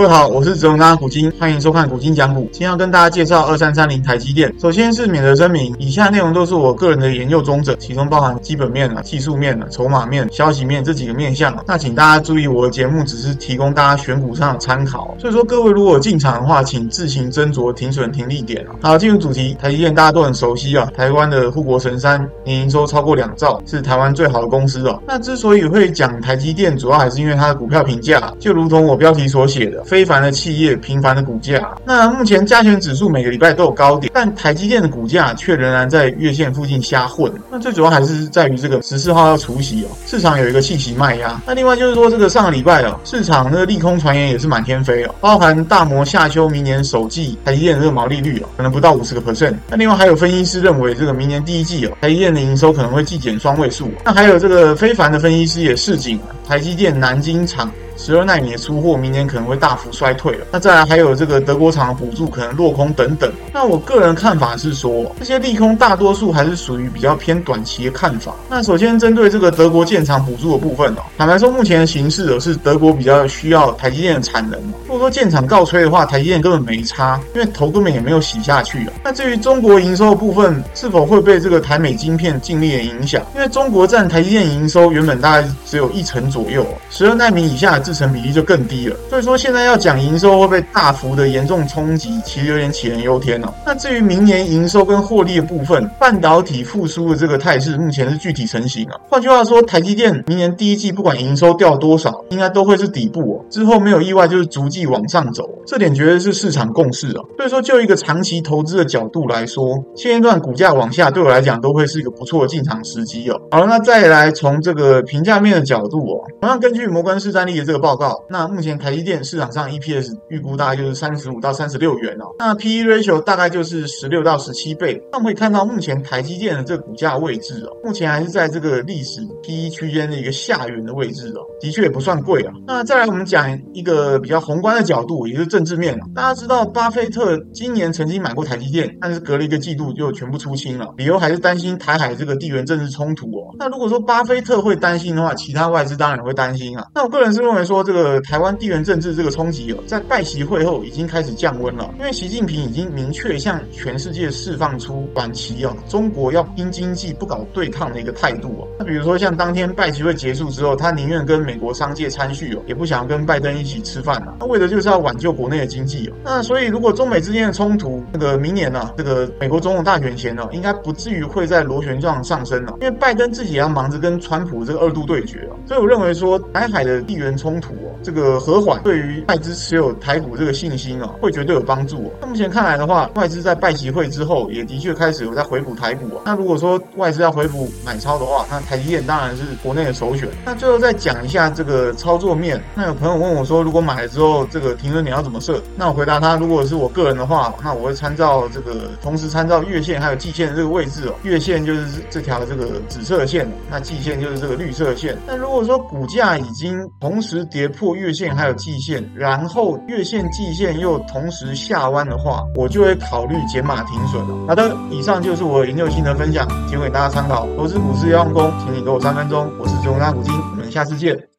各位好，我是澤龍，大家股晶，歡迎收看股晶講股。今天要跟大家介紹二三三零台積電。首先是免責聲明，以下內容都是我個人的研究綜整，其中包含基本面了、啊、技術面了、啊、籌碼面，面、消息面這幾個面向、啊。那請大家注意，我的節目只是提供大家選股上的參考。所以說各位如果進場的話，請自行斟酌停損、停利點啊。好，進入主題，台積電大家都很熟悉啊，台灣的護國神山，年營收超過兩兆，是台灣最好的公司哦、啊。那之所以會講台積電，主要還是因為它的股票評價、啊，就如同我標題所寫的。非凡的企業，平凡的股價。那目前加權指數每個禮拜都有高點，但台積電的股價卻仍然在月線附近瞎混。那最主要還是在於這個十四號要除息哦，市場有一個棄息賣壓。那另外就是說，這個上個禮拜哦，市場那個利空傳言也是滿天飛哦，包含大摩下修、明年首季台積電的這個毛利率哦，可能不到五十個 percent。那另外還有分析師認為，這個明年第一季哦，台積電的營收可能會季減雙位數，哦。那還有這個非凡的分析師也示警，台積電南京廠。十二奈米的出貨，明年可能會大幅衰退了。那再來還有這個德國廠的補助可能落空等等。那我個人看法是說，這些利空大多數還是屬於比較偏短期的看法。那首先針對這個德國建廠補助的部分哦，坦白說，目前的形勢哦，是德國比較需要台積電的產能。如果說建廠告吹的話，台積電根本沒差，因為頭根本也沒有洗下去啊。那至於中國營收的部分是否會被這個台美晶片禁令的影響？因為中國占台積電營收原本大概只有一成左右，十二奈米以下，製程比例就更低了，所以說現在要講營收會被大幅的嚴重衝擊，其實有點杞人憂天哦。那至於明年營收跟獲利的部分，半導體復甦的這個態勢目前是具體成型啊、哦。換句話說，台積電明年第一季不管營收掉多少，應該都會是底部哦，之後沒有意外就是逐季往上走，這點絕對是市場共識啊、哦。所以說，就一個長期投資的角度來說，現階段股價往下對我來講都會是一個不錯的進場時機哦。好，了，那再來從這個評價面的角度哦，同樣根據摩根士丹利的、這。個這個報告，那目前台積電市場上 EPS 預估大概就是三十五到三十六元哦，那 PE ratio 大概就是十六到十七倍。那我們可以看到，目前台積電的這個股價位置哦，目前還是在這個歷史 PE 區間的一個下緣的位置哦，的確也不算貴啊。那再來我們講一個比較宏觀的角度，也就是政治面嘛、啊。大家知道，巴菲特今年曾經買過台積電，但是隔了一個季度就全部出清了，理由還是擔心台海這個地緣政治衝突哦。那如果說巴菲特會擔心的話，其他外資當然會擔心啊。那我個人是認為。說這個台灣地緣政治這個衝擊啊，在拜習會後已經開始降溫了，因為習近平已經明確向全世界釋放出短期啊，中國要拼經濟不搞對抗的一個態度啊。那比如說像當天拜習會結束之後，他寧願跟美國商界餐敘哦，也不想要跟拜登一起吃飯啊，那為的就是要挽救國內的經濟哦。那所以如果中美之間的衝突，那個明年呢，這個美國總統大選前呢，應該不至於會在螺旋狀上升了，因為拜登自己也要忙着跟川普這個二度對決啊。所以我認為說，台海的地緣衝。衝突哦，這個和緩對於外資持有台股這個信心啊、哦，會絕對有幫助哦。那目前看來的話，外資在拜習會之後，也的確開始有在回補台股啊、哦。那如果說外資要回補買超的話，那台積電當然是國內的首選。那最後再講一下這個操作面。那有朋友問我說，如果買了之後，這個停損點要怎麼設？那我回答他，如果是我個人的話，那我會參照這個，同時參照月線還有季線的這個位置哦。月線就是這條這個紫色線，那季線就是這個綠色線。那如果說股價已經同時跌破月線還有季線，然後月線、季線又同時下彎的話，我就會考慮減碼停損了。好的，以上就是我的研究心得分享，僅供給大家參考。投資股市要用功，請你給我三分鐘。我是周朱納股晶，我們下次見。